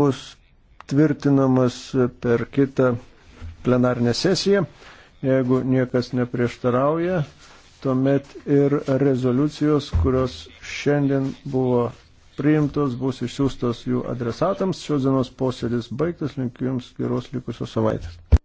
bus tvirtinamas per kitą plenarinę sesiją. Jeigu niekas neprieštarauja, tuomet ir rezoliucijos, kurios šiandien buvo priimtos, bus išsiųstos jų adresatams. Šios dienos posėdis baigtas, linkiu Jums geros likusios savaitės.